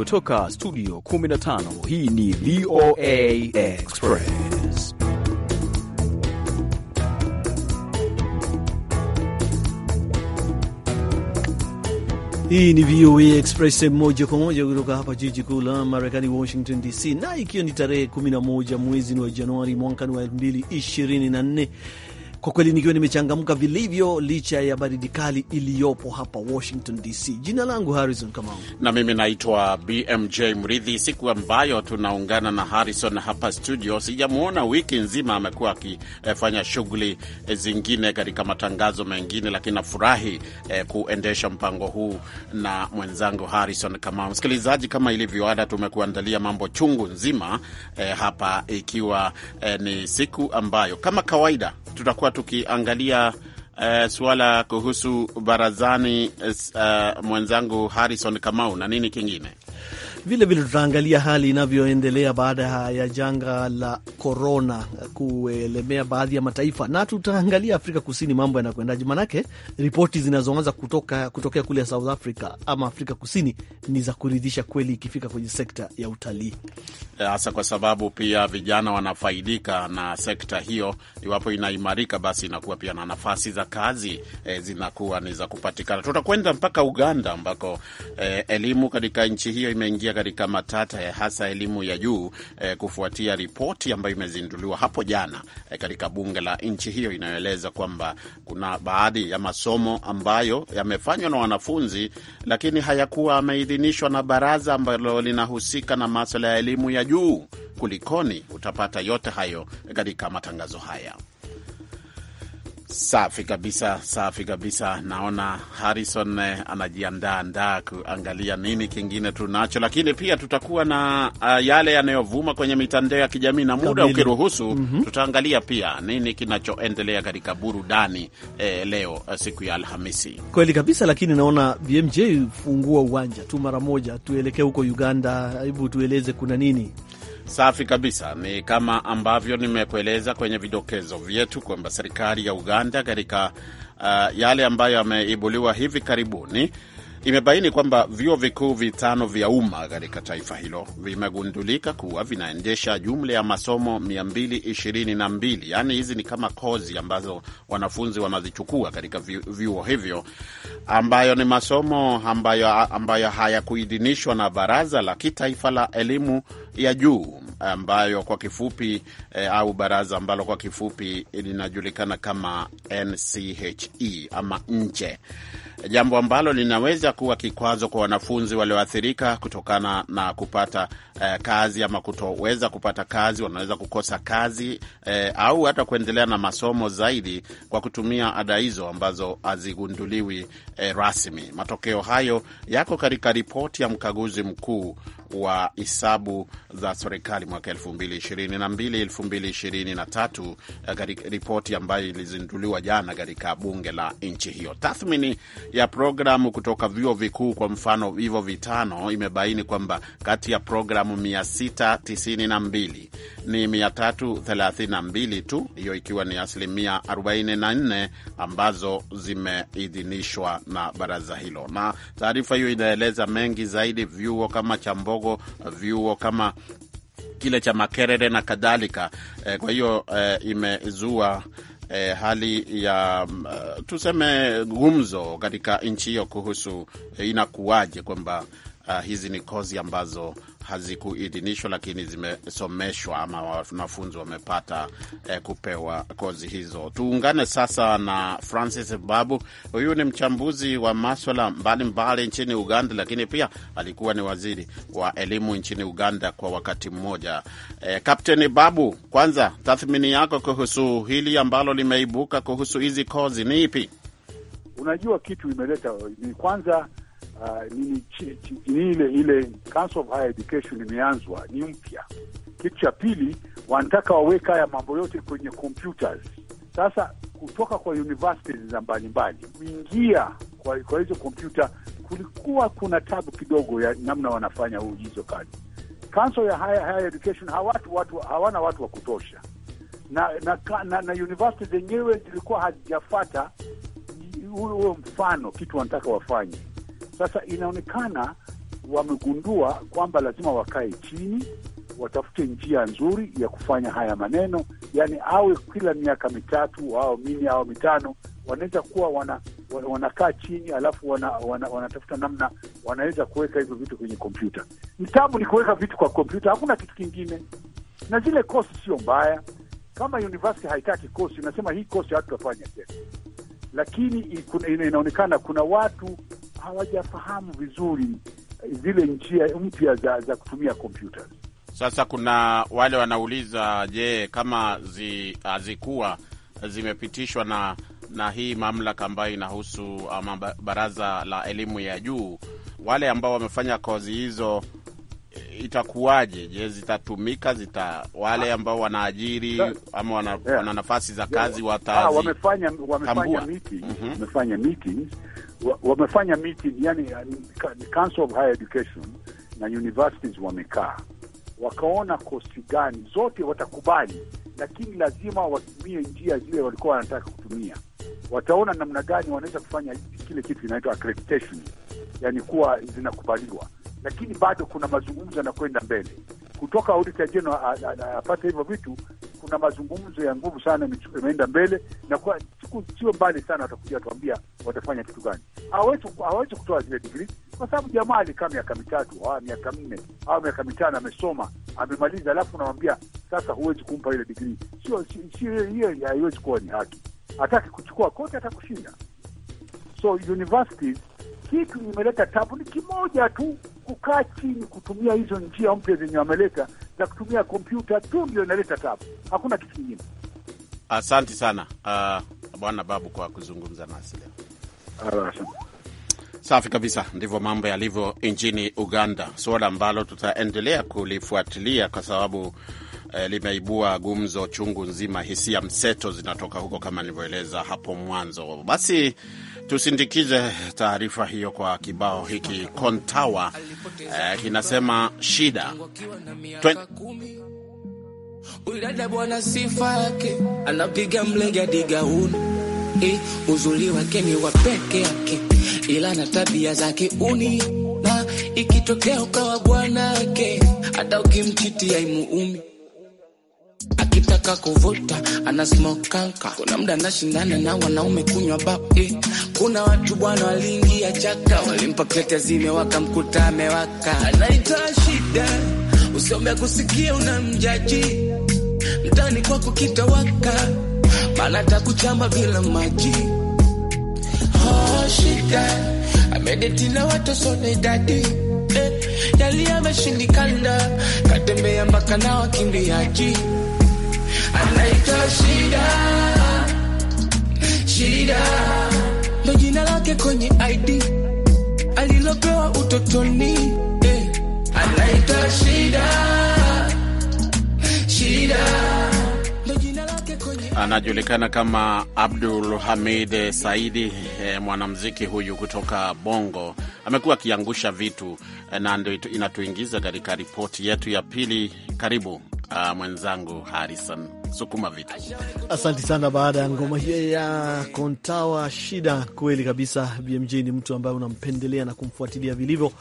Kutoka studio 15 hii ni VOA Express. Hii ni VOA Express moja kwa moja kutoka hapa jiji kuu la Marekani, Washington DC, na ikiwa ni tarehe 11 mwezi wa Januari mwaka wa 2024 kwa kweli nikiwa nimechangamka vilivyo licha ya baridi kali iliyopo hapa Washington DC. Jina langu Harrison Kamau, na mimi naitwa BMJ Mridhi. Siku ambayo tunaungana na Harrison hapa studio, sijamwona wiki nzima, amekuwa akifanya shughuli eh, zingine katika matangazo mengine, lakini nafurahi eh, kuendesha mpango huu na mwenzangu Harrison Kamau. Msikilizaji, kama ilivyo ada, tumekuandalia mambo chungu nzima eh, hapa ikiwa eh, ni siku ambayo kama kawaida tutakuwa tukiangalia uh, suala kuhusu barazani uh, mwenzangu Harrison Kamau na nini kingine Vilevile tutaangalia hali inavyoendelea baada ya janga la korona kuelemea baadhi ya mataifa, na tutaangalia Afrika Kusini mambo yanakwendaje, manake ripoti zinazoanza kutoka kutokea kule South Africa ama Afrika Kusini ni za kuridhisha kweli, ikifika kwenye sekta ya utalii, eh, hasa kwa sababu pia vijana wanafaidika na sekta hiyo. Iwapo inaimarika, basi inakuwa pia na nafasi za kazi e, zinakuwa ni za kupatikana. Tutakwenda mpaka Uganda ambako e, elimu katika nchi hiyo imeingia kuingia katika matata ya hasa elimu ya juu eh, kufuatia ripoti ambayo imezinduliwa hapo jana eh, katika bunge la nchi hiyo inayoeleza kwamba kuna baadhi ya masomo ambayo yamefanywa na wanafunzi lakini hayakuwa ameidhinishwa na baraza ambalo linahusika na maswala ya elimu ya juu. Kulikoni? Utapata yote hayo katika matangazo haya. Safi kabisa, safi kabisa. Naona Harrison eh, anajiandaa ndaa kuangalia nini kingine tunacho, lakini pia tutakuwa na uh, yale yanayovuma kwenye mitandao ya kijamii na muda ukiruhusu, mm -hmm. tutaangalia pia nini kinachoendelea katika burudani eh, leo eh, siku ya Alhamisi. Kweli kabisa, lakini naona BMJ, fungua uwanja tu mara moja, tuelekee huko Uganda. Hebu tueleze kuna nini Safi kabisa. Ni kama ambavyo nimekueleza kwenye vidokezo vyetu kwamba serikali ya Uganda katika uh, yale ambayo yameibuliwa hivi karibuni imebaini kwamba vyuo vikuu vitano vya umma katika taifa hilo vimegundulika kuwa vinaendesha jumla ya masomo 222 yaani hizi ni kama kozi ambazo wanafunzi wanazichukua katika vyuo hivyo, ambayo ni masomo ambayo, ambayo hayakuidhinishwa na Baraza la Kitaifa la Elimu ya Juu ambayo kwa kifupi e, au baraza ambalo kwa kifupi linajulikana kama NCHE ama nje, jambo ambalo linaweza kuwa kikwazo kwa wanafunzi walioathirika kutokana na kupata e, kazi ama kutoweza kupata kazi. Wanaweza kukosa kazi e, au hata kuendelea na masomo zaidi kwa kutumia ada hizo ambazo hazigunduliwi e, rasmi. Matokeo hayo yako katika ripoti ya mkaguzi mkuu wa hisabu za serikali mwaka 2022 2023, katika ripoti ambayo ilizinduliwa jana katika bunge la nchi hiyo. Tathmini ya programu kutoka vyuo vikuu, kwa mfano hivyo vitano, imebaini kwamba kati ya programu 692 ni 332 tu, hiyo ikiwa ni asilimia 44, ambazo zimeidhinishwa na baraza hilo, na taarifa hiyo inaeleza mengi zaidi vyuo kama Chambogo vidogo, vyuo kama kile cha Makerere na kadhalika. Eh, kwa hiyo eh, imezua E, hali ya uh, tuseme gumzo katika nchi hiyo kuhusu inakuwaje kwamba uh, hizi ni kozi ambazo hazikuidhinishwa lakini zimesomeshwa ama wanafunzi wamepata eh, kupewa kozi hizo. Tuungane sasa na Francis Babu. Huyu ni mchambuzi wa maswala mbalimbali nchini Uganda, lakini pia alikuwa ni waziri wa elimu nchini Uganda kwa wakati mmoja. Eh, Kapteni Babu, kwanza tathmini yako kuhusu hili ambalo limeibuka kuhusu hizi kozi ni ipi? Unajua kitu imeleta ni kwanza uh, ni ile ile Council of Higher Education imeanzwa ni mpya. Kitu cha pili wanataka waweka haya mambo yote kwenye computers. Sasa kutoka kwa universities za mbalimbali kuingia kwa, kwa hizo kompyuta kulikuwa kuna tabu kidogo ya namna wanafanya hizo kazi. Council ya higher, higher education hawatu, watu, hawana watu wa kutosha na na, na, na university zenyewe zilikuwa hazijafata huo mfano kitu wanataka wafanye. Sasa inaonekana wamegundua kwamba lazima wakae chini, watafute njia nzuri ya kufanya haya maneno, yani awe kila miaka mitatu au mini au mitano wanaweza kuwa wana wanakaa chini alafu wanatafuta wana, wana namna wanaweza kuweka hivyo vitu kwenye kompyuta. Ni ni kuweka vitu kwa kompyuta, hakuna kitu kingine. Na zile kosi sio mbaya, kama university haitaki kosi, unasema hii kosi hatutafanya tena, lakini inaonekana kuna watu hawajafahamu vizuri zile njia mpya za, za kutumia kompyuta. Sasa kuna wale wanauliza, je, kama hazikuwa zi, zimepitishwa na na hii mamlaka ambayo inahusu ama baraza la elimu ya juu, wale ambao wamefanya kozi hizo eh, itakuwaje? Je, zitatumika zita wale ambao wanaajiri ama wana, yeah. wana nafasi za kazi watazi ah, wamefanya wamefanya meetings, mm -hmm wamefanya meeting, yani Council of Higher Education na universities wamekaa wakaona kosi gani zote watakubali, lakini lazima watumie njia zile walikuwa wanataka kutumia. Wataona namna gani wanaweza kufanya kile kitu kinaitwa accreditation, yani kuwa zinakubaliwa lakini bado kuna mazungumzo yanakwenda mbele kutoka auditor general apate hivyo vitu. Kuna mazungumzo ya nguvu sana imeenda mbele, na kwa siku sio mbali sana watakuja watuambia watafanya kitu gani. Hawawezi kutoa zile digrii kwa sababu jamaa alikaa miaka mitatu au miaka nne au miaka mitano, amesoma amemaliza, alafu unamwambia sasa huwezi kumpa ile digrii. Sio hiyo, haiwezi kuwa ni haki. Hataki kuchukua kote, hatakushinda. So universities kitu imeleta tabu ni kimoja tu kukaa chini kutumia hizo njia mpya zenye wameleta za kutumia kompyuta tu ndio inaleta tabu, hakuna kitu kingine. Asante sana uh, Bwana Babu kwa kuzungumza nasi leo. Safi kabisa, ndivyo mambo yalivyo nchini Uganda, suala ambalo tutaendelea kulifuatilia kwa sababu eh, limeibua gumzo chungu nzima, hisia mseto zinatoka huko kama nilivyoeleza hapo mwanzo. Basi Tusindikize taarifa hiyo kwa kibao hiki Kontawa eh, kinasema shida Uidada bwana sifa yake anapiga mlenga digauni e, eh, uzuri wake ni wa peke yake, ila na tabia zake uni, na ikitokea ukawa bwana yake, hata ukimchiti haimuumi anataka kuvuta, ana smoke kanka. Kuna muda anashindana na wanaume kunywa bap eh. Kuna watu bwana waliingia chaka, walimpa kete zime wakamkuta amewaka, Anaita shida. Usiombe kusikia unamjaji mtani kwako kitawaka, maana takuchamba bila maji. Oh, shida amedeti na watu sonedadi eh, yali ameshindikana, katembea mpaka na wakimbiaji anaitwa Shida, Shida ndo jina lake kwenye ID alilopewa utotoni eh. Anaitwa Shida, Shida anajulikana kama Abdul Hamid Saidi eh, mwanamziki huyu kutoka Bongo amekuwa akiangusha vitu eh, na ndio inatuingiza katika ripoti yetu ya pili. Karibu ah, mwenzangu Harrison sukuma vita. Asante sana. Baada ya ngoma hiyo ya Kontawa Shida, kweli kabisa, BMJ ni mtu ambaye unampendelea na kumfuatilia vilivyo,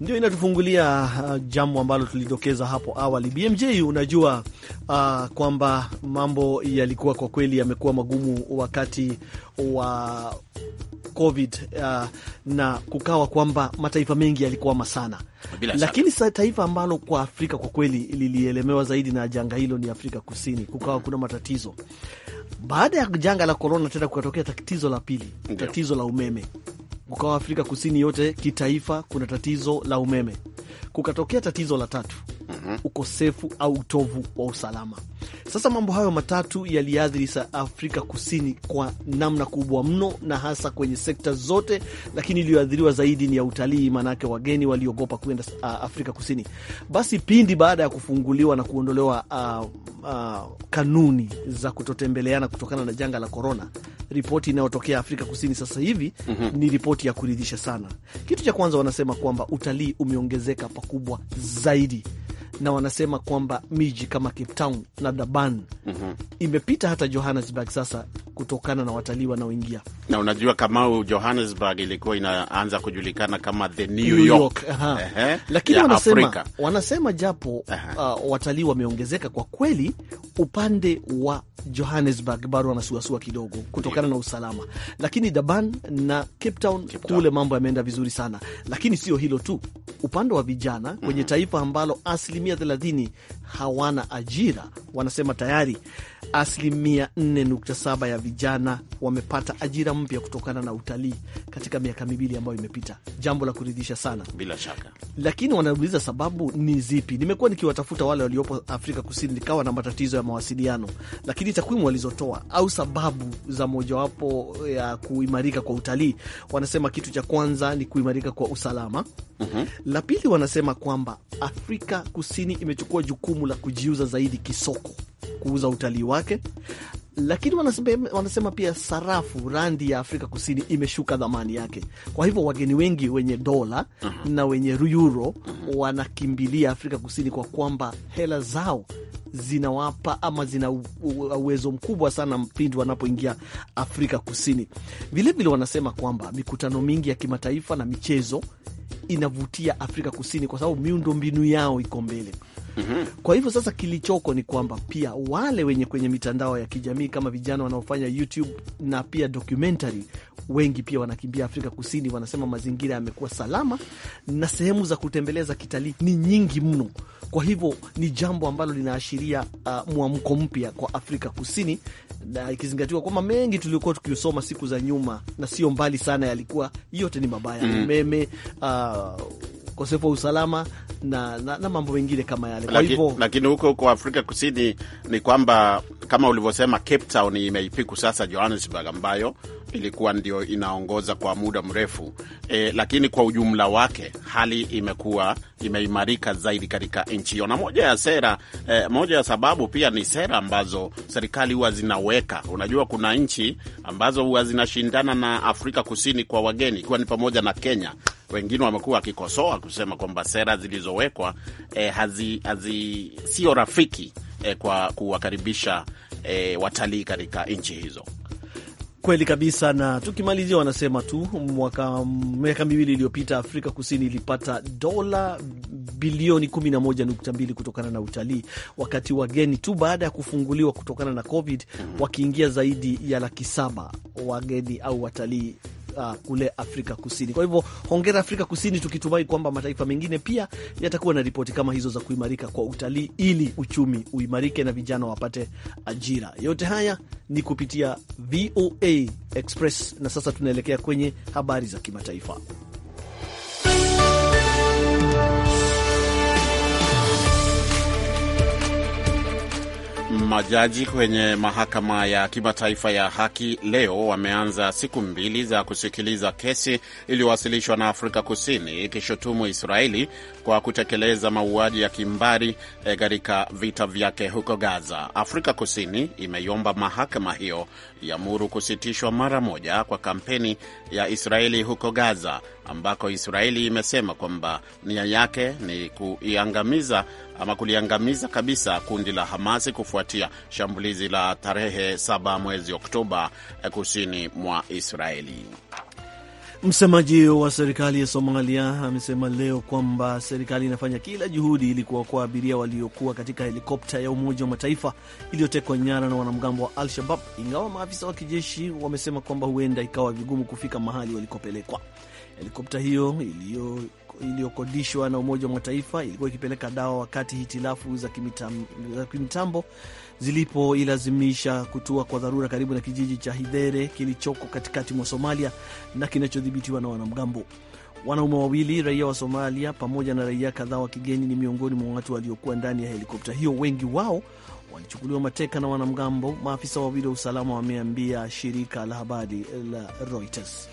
ndio inatufungulia uh, jambo ambalo tulidokeza hapo awali. BMJ, unajua uh, kwamba mambo yalikuwa kwa kweli yamekuwa magumu wakati wa COVID uh, na kukawa kwamba mataifa mengi yalikwama sana, lakini sa taifa ambalo kwa Afrika kwa kweli lilielemewa zaidi na janga hilo ni Afrika Kusini. Kukawa kuna matatizo baada ya janga la korona, tena kukatokea tatizo la pili, tatizo la umeme. Kukawa Afrika Kusini yote kitaifa kuna tatizo la umeme. Kukatokea tatizo la tatu, mhm. ukosefu au utovu wa usalama. Sasa mambo hayo matatu yaliathiri Afrika Kusini kwa namna kubwa mno, na hasa kwenye sekta zote, lakini iliyoathiriwa zaidi ni ya utalii, maanake wageni waliogopa kuenda uh, Afrika Kusini. Basi pindi baada ya kufunguliwa na kuondolewa uh, uh, kanuni za kutotembeleana kutokana na janga la korona, ripoti inayotokea Afrika Kusini sasa hivi mm -hmm. ni ripoti ya kuridhisha sana. Kitu cha kwanza wanasema kwamba utalii umeongezeka pakubwa zaidi na wanasema kwamba miji kama Cape Town na Durban mm -hmm. imepita hata Johannesburg sasa kutokana na watalii wanaoingia. Na unajua kama Johannesburg ilikuwa inaanza kujulikana kama the New York, lakini wanasema, wanasema japo uh, watalii wameongezeka kwa kweli, upande wa Johannesburg bado wanasuasua kidogo kutokana na usalama, lakini Durban na Cape Town kule mambo yameenda vizuri sana, lakini sio hilo tu, upande wa vijana kwenye mm -hmm. taifa ambalo asili asilimia 30 hawana ajira. Wanasema tayari asilimia 4.7 ya vijana wamepata ajira mpya kutokana na utalii katika miaka miwili ambayo imepita, jambo la kuridhisha sana bila shaka. Lakini wanauliza sababu ni zipi? Nimekuwa nikiwatafuta wale waliopo Afrika Kusini, nikawa na matatizo ya mawasiliano, lakini takwimu walizotoa au sababu za mojawapo ya kuimarika kwa utalii, wanasema kitu cha kwanza ni kuimarika kwa usalama. mm -hmm. La pili wanasema kwamba Afrika Kusini imechukua jukumu la kujiuza zaidi kisoko kuuza utalii wake, lakini wanasema, wanasema pia sarafu randi ya Afrika Kusini imeshuka dhamani yake. Kwa hivyo wageni wengi wenye dola uh mhm. -huh. na wenye euro uh mhm. -huh. wanakimbilia Afrika Kusini kwa kwamba hela zao zinawapa ama zina uwezo mkubwa sana mpindi wanapoingia Afrika Kusini. Vilevile wanasema kwamba mikutano mingi ya kimataifa na michezo inavutia Afrika Kusini kwa sababu miundo mbinu yao iko mbele. -hmm. Kwa hivyo sasa kilichoko ni kwamba pia wale wenye kwenye mitandao ya kijamii kama vijana wanaofanya YouTube na pia documentary wengi pia wanakimbia Afrika Kusini, wanasema mazingira yamekuwa salama na sehemu za kutembeleza kitalii ni nyingi mno. Kwa hivyo ni jambo ambalo linaashiria uh, mwamko mpya kwa Afrika Kusini, na ikizingatiwa kwamba mengi tuliokuwa tukiusoma siku za nyuma na sio mbali sana yalikuwa yote ni mabaya. mm -hmm. Umeme, uh, ukosefu wa usalama na, na, na mambo mengine kama yale. Kwa hivyo lakini huko huko Afrika Kusini ni kwamba kama ulivyosema, Cape Town imeipiku sasa Johannesburg ambayo ilikuwa ndio inaongoza kwa muda mrefu e, lakini kwa ujumla wake hali imekuwa imeimarika zaidi katika nchi hiyo, na moja ya sera e, moja ya sababu pia ni sera ambazo serikali huwa zinaweka. Unajua, kuna nchi ambazo huwa zinashindana na Afrika Kusini kwa wageni, ikiwa ni pamoja na Kenya wengine wamekuwa wakikosoa kusema kwamba sera zilizowekwa e, hazi, hazi sio rafiki e, kwa kuwakaribisha e, watalii katika nchi hizo. Kweli kabisa. Na tukimalizia, wanasema tu mwaka miaka miwili iliyopita Afrika Kusini ilipata dola bilioni 11.2 kutokana na utalii, wakati wageni tu baada ya kufunguliwa kutokana na COVID mhm. wakiingia zaidi ya laki saba wageni au watalii uh, kule Afrika Kusini. Kwa hivyo hongera Afrika Kusini, tukitumai kwamba mataifa mengine pia yatakuwa na ripoti kama hizo za kuimarika kwa utalii ili uchumi uimarike na vijana wapate ajira. Yote haya ni kupitia VOA Express, na sasa tunaelekea kwenye habari za kimataifa. Majaji kwenye mahakama ya kimataifa ya haki leo wameanza siku mbili za kusikiliza kesi iliyowasilishwa na Afrika Kusini ikishutumu Israeli kwa kutekeleza mauaji ya kimbari eh, katika vita vyake huko Gaza. Afrika Kusini imeiomba mahakama hiyo iamuru kusitishwa mara moja kwa kampeni ya Israeli huko Gaza ambako Israeli imesema kwamba nia yake ni kuiangamiza ama kuliangamiza kabisa kundi la Hamasi kufuatia shambulizi la tarehe 7 mwezi Oktoba eh, kusini mwa Israeli. Msemaji wa serikali ya Somalia amesema leo kwamba serikali inafanya kila juhudi ili kuwaokoa abiria waliokuwa katika helikopta ya Umoja wa Mataifa iliyotekwa nyara na wanamgambo wa Al-Shabab, ingawa maafisa wa kijeshi wamesema kwamba huenda ikawa vigumu kufika mahali walikopelekwa. Helikopta hiyo iliyokodishwa na Umoja wa Mataifa ilikuwa ikipeleka dawa wakati hitilafu za kimitambo, kimitambo zilipoilazimisha kutua kwa dharura karibu na kijiji cha Hidhere kilichoko katikati mwa Somalia na kinachodhibitiwa na wanamgambo. Wanaume wawili raia wa Somalia pamoja na raia kadhaa wa kigeni ni miongoni mwa watu waliokuwa ndani ya helikopta hiyo. Wengi wao walichukuliwa mateka na wanamgambo, maafisa wawili wa usalama wameambia shirika la habari la Reuters.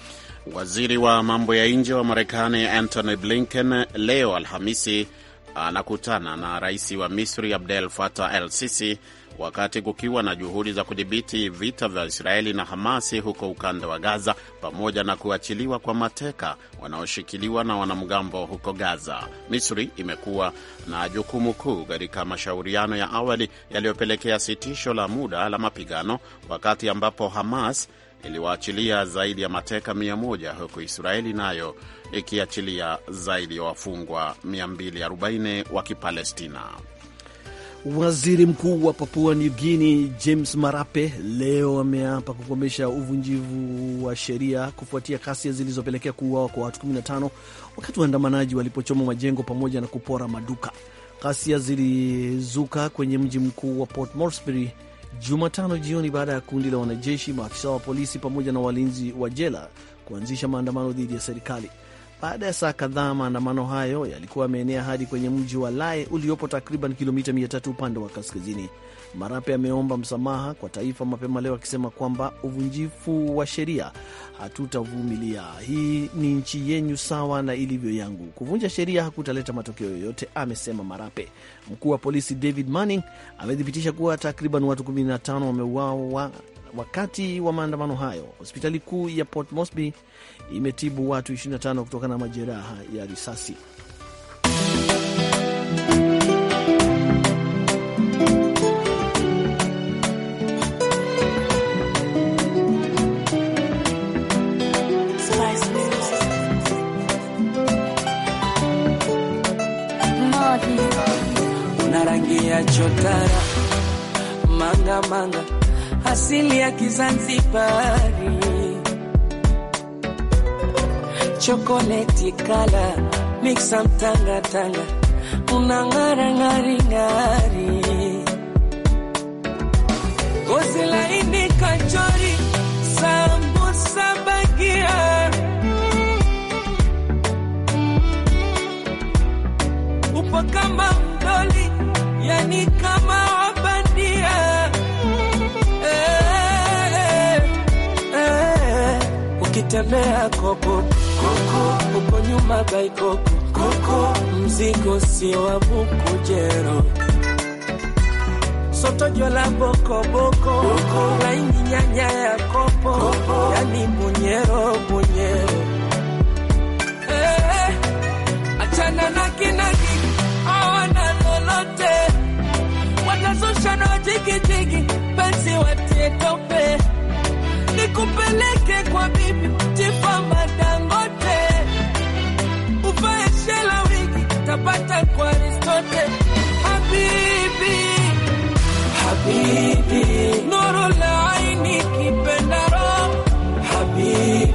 Waziri wa mambo ya nje wa Marekani Antony Blinken leo Alhamisi anakutana na rais wa Misri Abdel Fattah el Sisi wakati kukiwa na juhudi za kudhibiti vita vya Israeli na Hamasi huko ukanda wa Gaza, pamoja na kuachiliwa kwa mateka wanaoshikiliwa na wanamgambo huko Gaza. Misri imekuwa na jukumu kuu katika mashauriano ya awali yaliyopelekea sitisho la muda la mapigano, wakati ambapo Hamas iliwaachilia zaidi ya mateka 100 huku Israeli nayo ikiachilia zaidi ya wafungwa 240 wa Kipalestina. Waziri Mkuu wa Papua New Guinea James Marape leo ameapa kukomesha uvunjivu wa sheria kufuatia kasia zilizopelekea kuuawa kwa watu 15 wakati waandamanaji walipochoma majengo pamoja na kupora maduka. Kasia zilizuka kwenye mji mkuu wa Port Moresby Jumatano jioni baada ya kundi la wanajeshi, maafisa wa polisi pamoja na walinzi wa jela kuanzisha maandamano dhidi ya serikali. Baada ya saa kadhaa, maandamano hayo yalikuwa yameenea hadi kwenye mji wa Lae uliopo takriban kilomita 300 upande wa kaskazini. Marape ameomba msamaha kwa taifa mapema leo akisema kwamba uvunjifu wa sheria hatutavumilia, hii ni nchi yenyu sawa na ilivyo yangu, kuvunja sheria hakutaleta matokeo yoyote, amesema Marape. Mkuu wa polisi David Manning amethibitisha kuwa takriban watu 15 wameuawa wakati wa maandamano hayo. Hospitali kuu ya Port Moresby imetibu watu 25 kutokana na majeraha ya risasi. chotara manga manga, asili ya Kizanzibari, chokoleti kala mixa mtanga tanga, una ngara ngari ngari, gozi laini kachori, sambusa bagia upo kama ni kama wabandia eh, eh, eh. Ukitembea koko koko, uko nyuma bai koko koko, mzigo sio wa bukujero soto jola boko boko koko, laini nyanya ya kopo koko, yani munyero munyero eh, eh, eh, achana na kinaki jigijigi, penzi watie tope, nikupeleke kwa bibi Tifamba Dangote, uvae shela wigi tapata kwa Aristote, habibi habibi, nuru laini kipendaro habibi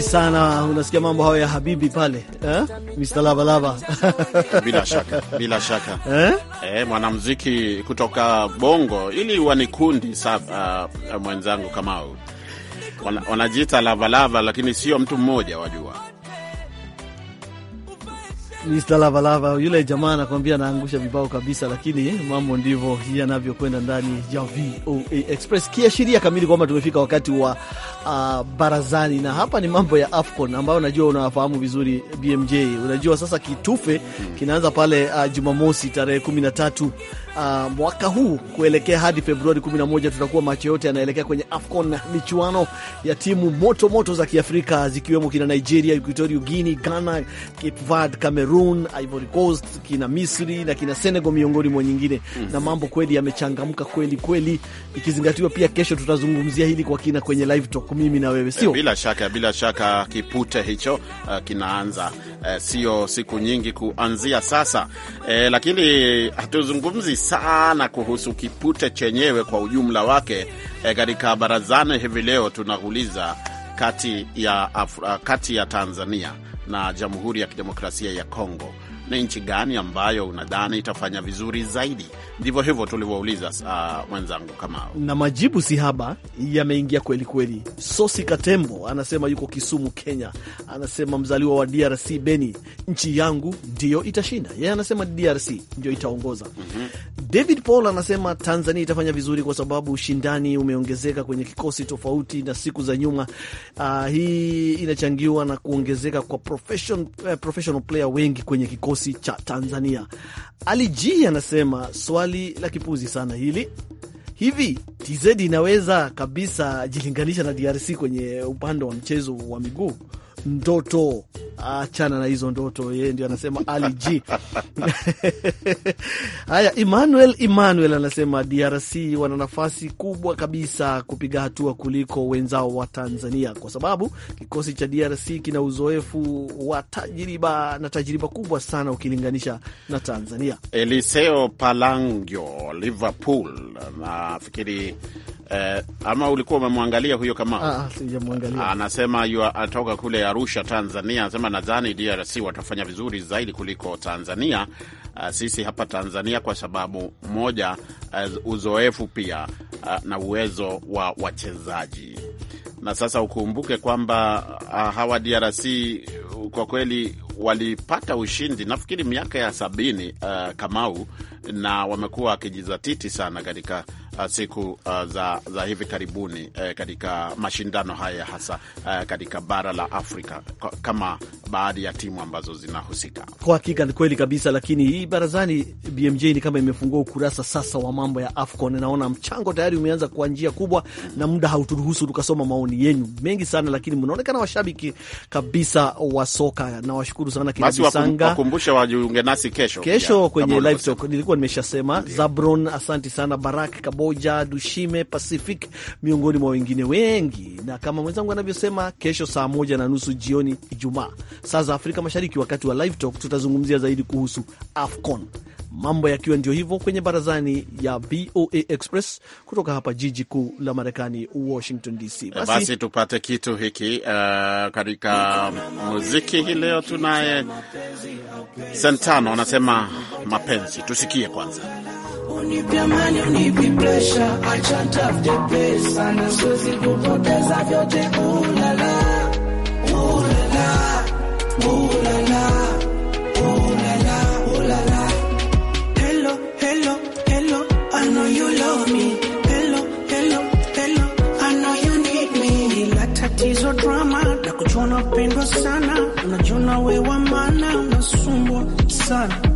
Safi sana, unasikia mambo hayo ya Habibi pale eh? Mr. Lavalava bila shaka, bila shaka eh? Eh, mwanamuziki kutoka Bongo ili wani kundi saba, uh, mwenzangu Kamau wanajiita Lavalava, lakini sio mtu mmoja wajua Mr. Lavalava yule jamaa anakuambia anaangusha vibao kabisa, lakini mambo ndivyo yanavyokwenda ndani ya VOA Express, kiashiria kamili kwamba tumefika wakati wa uh, barazani, na hapa ni mambo ya AFCON ambayo unajua unawafahamu vizuri BMJ. Unajua sasa kitufe kinaanza pale uh, Jumamosi tarehe kumi na tatu uh, mwaka huu kuelekea hadi Februari 11 tutakuwa macho yote yanaelekea kwenye AFCON, michuano ya timu moto moto za Kiafrika zikiwemo kina Nigeria, Equatorial Guinea, Ghana, Cape Verde, Cameroon, Ivory Coast, kina Misri na kina Senegal miongoni mwa nyingine mm Na mambo kweli yamechangamka kweli kweli, ikizingatiwa pia kesho tutazungumzia hili kwa kina kwenye live talk, mimi na wewe, sio eh, bila shaka, bila shaka kipute hicho uh, kinaanza uh, sio siku nyingi kuanzia sasa uh, lakini hatuzungumzi sana kuhusu kipute chenyewe kwa ujumla wake. Eh, katika e, barazani hivi leo tunauliza kati ya, Afra, kati ya Tanzania na Jamhuri ya Kidemokrasia ya Kongo ni nchi gani ambayo unadhani itafanya vizuri zaidi? Ndivyo hivyo tulivyouliza uh, mwenzangu kama na majibu si haba yameingia kweli kweli. Sosi Katembo anasema yuko Kisumu, Kenya, anasema mzaliwa wa DRC Beni, nchi yangu ndiyo itashinda. Yeye anasema DRC ndio itaongoza. mm -hmm. David Paul anasema Tanzania itafanya vizuri kwa sababu ushindani umeongezeka kwenye kikosi tofauti na siku za nyuma. Uh, hii inachangiwa na kuongezeka kwa profession, uh, professional player wengi kwenye kikosi kikosi cha Tanzania. G anasema swali la kipuzi sana hili. Hivi TZ inaweza kabisa jilinganisha na DRC kwenye upande wa mchezo wa miguu? Ndoto achana na hizo ndoto, yeye ndio anasema Ali G. Haya, Emmanuel Emmanuel anasema DRC wana nafasi kubwa kabisa kupiga hatua kuliko wenzao wa Tanzania, kwa sababu kikosi cha DRC kina uzoefu wa tajriba na tajriba kubwa sana ukilinganisha na Tanzania. Eliseo Palangio, Liverpool, nafikiri Eh, ama ulikuwa umemwangalia huyo kama ah, ah, anasema yu kule Arusha, Tanzania. Anasema nadhani DRC watafanya vizuri zaidi kuliko Tanzania. Uh, sisi hapa Tanzania kwa sababu moja, eh, uzoefu pia, uh, na uwezo wa wachezaji. Na sasa ukumbuke kwamba hawa DRC kwa kweli walipata ushindi nafikiri miaka ya sabini, uh, Kamau, na wamekuwa wakijizatiti sana katika Uh, siku uh, za, za hivi karibuni eh, katika mashindano haya hasa eh, katika bara la Afrika kama baadhi ya timu ambazo zinahusika. Kwa hakika ni kweli kabisa, lakini hii barazani BMJ ni kama imefungua ukurasa sasa wa mambo ya AFCON. Naona mchango tayari umeanza kwa njia kubwa, na muda hauturuhusu tukasoma maoni yenyu mengi sana, lakini mnaonekana washabiki kabisa wa soka. Nawashukuru sana kina Bisanga, wajiunge nasi kesho kesho kwenye live talk. Nilikuwa nimeshasema Zabron, asanti sana Barak Kabo Oja Dushime Pacific, miongoni mwa wengine wengi. Na kama mwenzangu anavyosema, kesho saa moja na nusu jioni Ijumaa, saa za Afrika Mashariki, wakati wa Live Talk tutazungumzia zaidi kuhusu AFCON. Mambo yakiwa ndio hivyo kwenye barazani ya VOA Express kutoka hapa jiji kuu la Marekani, Washington DC. E, basi, basi tupate kitu hiki uh, katika muziki hii leo. Tunaye Santano anasema mapenzi, tusikie kwanza. Unipe amani, unipe presha, acha nitafute pesa na siwezi kupoteza vyote, ulala, ulala, ulala, ulala, ulala. Hello, hello, hello, I know you love me. Hello, hello, hello, I know you need me. Ila tatizo drama na kuchona upendo sana, unajiona we wa maana, unasumbwa sana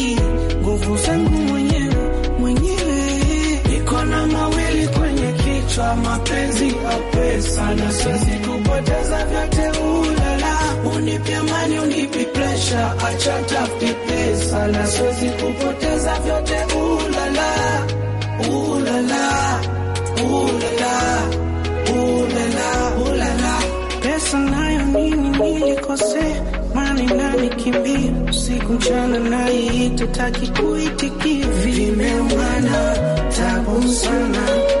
mapenzi ya pesa na siwezi kupoteza vyote, ulala, unipe amani, unipe pressure, acha tafute pesa na siwezi kupoteza vyote, ulala, ulala, ulala, ulala, ulala, pesa nayo nini nilikosea mani nani kimbia usiku mchana naiita taki kuitikia vimeumana tabu sana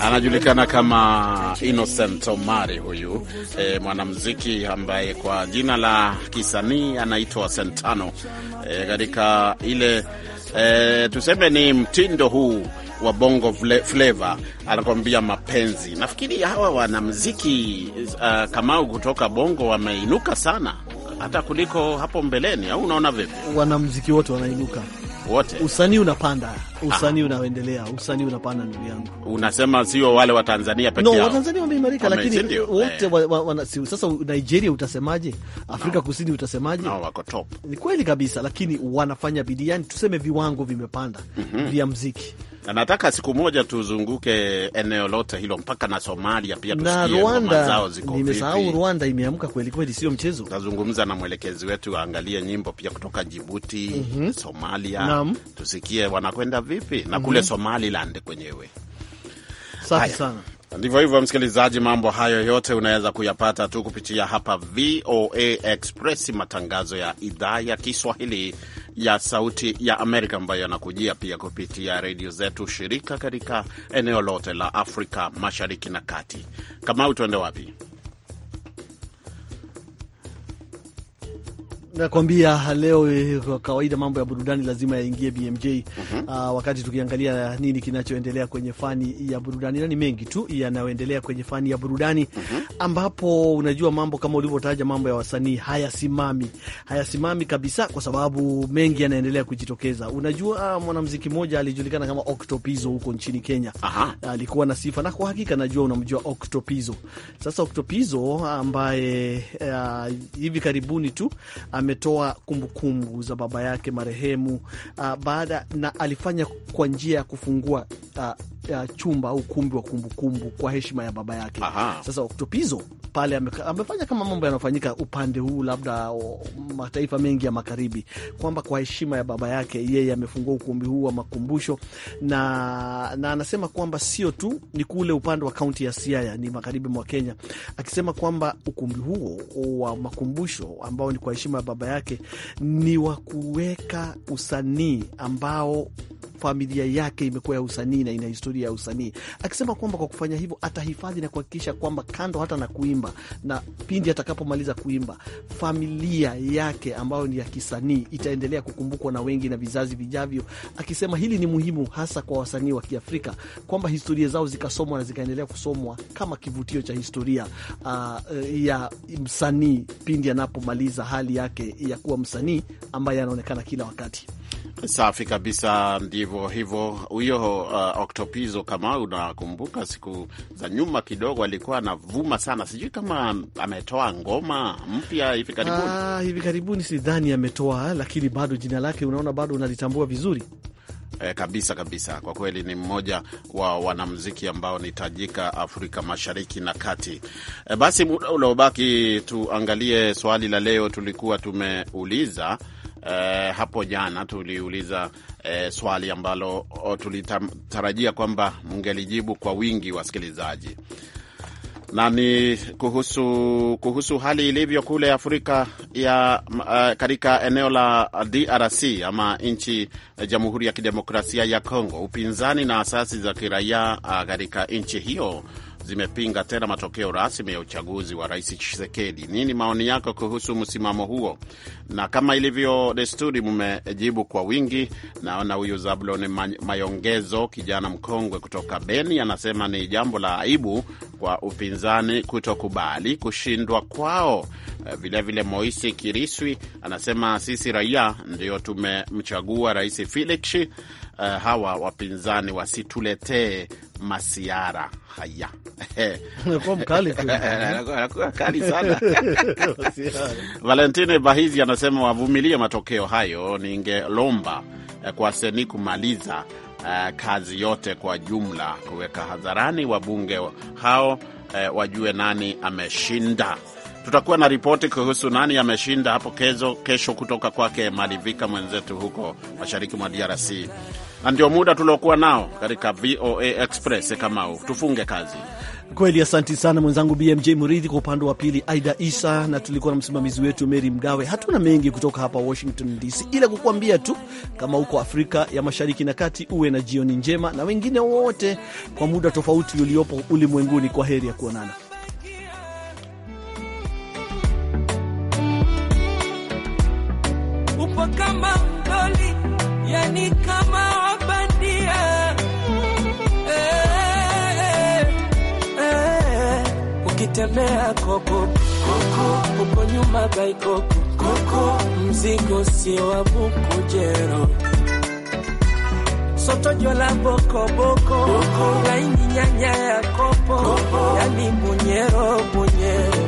anajulikana kama Innocent Omari huyu e, mwanamuziki ambaye kwa jina la kisanii anaitwa Sentano e, katika e, ile e, tuseme ni mtindo huu wa bongo flava anakwambia mapenzi. Nafikiri hawa wanamuziki uh, Kamau kutoka bongo wameinuka sana hata kuliko hapo mbeleni, au unaona vipi? Wanamuziki wote wanainuka wote, usanii unapanda usanii unaendelea, usanii unapanda, ndugu yangu. Unasema sio wale wa Tanzania pekee yao. No, eh. wa Tanzania wameimarika, lakini wote wana sasa. Nigeria utasemaje? Afrika no. Kusini utasemaje? No, wako top. Ni kweli kabisa, lakini wanafanya bidii, yani tuseme viwango vimepanda mm -hmm. vya mziki na nataka siku moja tuzunguke eneo lote hilo mpaka na Somalia pia na Rwanda. Nimesahau Rwanda imeamka kweli kweli, sio mchezo. Tazungumza na mwelekezi wetu aangalie nyimbo pia kutoka Jibuti mm -hmm. Somalia Naam. tusikie wanakwenda vipi na kule mm -hmm. Somaliland kwenyewe. Safi sana. Ndivyo hivyo, msikilizaji, mambo hayo yote unaweza kuyapata tu kupitia hapa VOA Express, matangazo ya idhaa ya Kiswahili ya Sauti ya Amerika, ambayo yanakujia pia kupitia redio zetu shirika katika eneo lote la Afrika Mashariki na Kati. Kamau, tuende wapi? nakwambia leo eh, kwa kawaida mambo ya burudani lazima yaingie BMJ. mm -hmm. Uh, ah, wakati tukiangalia nini kinachoendelea kwenye fani ya burudani na ni mengi tu yanayoendelea kwenye fani ya burudani mm -hmm. ambapo unajua mambo kama ulivyotaja, mambo ya wasanii hayasimami, hayasimami kabisa, kwa sababu mengi yanaendelea kujitokeza. Unajua ah, mwanamuziki mmoja alijulikana kama Octopizzo huko nchini Kenya. Aha. alikuwa na sifa na kwa hakika najua unamjua Octopizzo. Sasa Octopizzo ambaye uh, hivi karibuni tu ame ametoa kumbukumbu za baba yake marehemu uh, baada na alifanya kwa njia ya kufungua uh, uh, chumba au ukumbi wa kumbukumbu kumbu, kwa heshima ya baba yake. Aha. Sasa Oktopizo pale amefanya kama mambo yanayofanyika upande huu, labda o, mataifa mengi ya magharibi, kwamba kwa heshima ya baba yake yeye amefungua ukumbi huu wa makumbusho, na, na anasema kwamba sio tu ni kule upande wa kaunti ya Siaya, ni magharibi mwa Kenya, akisema kwamba ukumbi huo wa makumbusho ambao ni kwa heshima ya baba yake ni wa kuweka usanii ambao familia yake imekuwa ya usanii na ina historia ya usanii, akisema kwamba kwa kufanya hivyo atahifadhi na kuhakikisha kwamba kando hata na kuimba, na pindi atakapomaliza kuimba, familia yake ambayo ni ya kisanii itaendelea kukumbukwa na wengi na vizazi vijavyo, akisema hili ni muhimu hasa kwa wasanii wa Kiafrika kwamba historia zao zikasomwa na zikaendelea kusomwa kama kivutio cha historia uh, ya msanii pindi anapomaliza hali yake ya kuwa msanii ambaye anaonekana kila wakati. Safi kabisa, ndivyo hivyo. Huyo uh, Oktopizo kama unakumbuka, siku za nyuma kidogo alikuwa anavuma sana, sijui kama ametoa ngoma mpya hivi karibuni. Ah, hivi karibuni sidhani ametoa, lakini bado jina lake unaona, bado unalitambua vizuri. E, kabisa kabisa, kwa kweli ni mmoja wa wanamuziki ambao ni tajika Afrika Mashariki na Kati. E, basi muda uliobaki tuangalie swali la leo tulikuwa tumeuliza eh, hapo jana tuliuliza eh, swali ambalo tulitarajia kwamba mngelijibu kwa wingi wasikilizaji, na ni kuhusu, kuhusu hali ilivyo kule Afrika ya uh, katika eneo la DRC ama nchi eh, Jamhuri ya Kidemokrasia ya Kongo, upinzani na asasi za kiraia uh, katika nchi hiyo zimepinga tena matokeo rasmi ya uchaguzi wa rais Chisekedi. Nini maoni yako kuhusu msimamo huo? Na kama ilivyo desturi, mmejibu kwa wingi. Naona huyu Zablon Mayongezo, kijana mkongwe kutoka Beni, anasema ni jambo la aibu kwa upinzani kutokubali kushindwa kwao. Vilevile eh, vile Moisi Kiriswi anasema sisi raia ndio tumemchagua rais Felix. Uh, hawa wapinzani wasituletee Masiara. Haya, anakuwa mkali kali sana. Valentine Bahizi anasema wavumilie matokeo hayo, ningelomba eh, kwa seni kumaliza uh, kazi yote kwa jumla, kuweka hadharani wabunge hao, uh, wajue nani ameshinda. Tutakuwa na ripoti kuhusu nani ameshinda hapo kezo, kesho kutoka kwake Malivika mwenzetu huko mashariki mwa DRC. Na ndio muda tuliokuwa nao katika VOA Express. Kamau, tufunge kazi. Kweli, asanti sana mwenzangu BMJ Muridhi, kwa upande wa pili Aida Isa, na tulikuwa na msimamizi wetu Meri Mgawe. Hatuna mengi kutoka hapa Washington DC, ila kukuambia tu kama huko Afrika ya mashariki na kati, uwe na jioni njema, na wengine wote kwa muda tofauti uliopo ulimwenguni, kwa heri ya kuonana. kwa kama mdoli, yani kama eh, eh, eh, ukitembea koko koko uko nyuma baikoko koko mzigo si wa bukujero jola bokoboko laini nyanya ya kopo koko, yani bunyero bunyero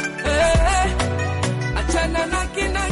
eh, eh, eh. kina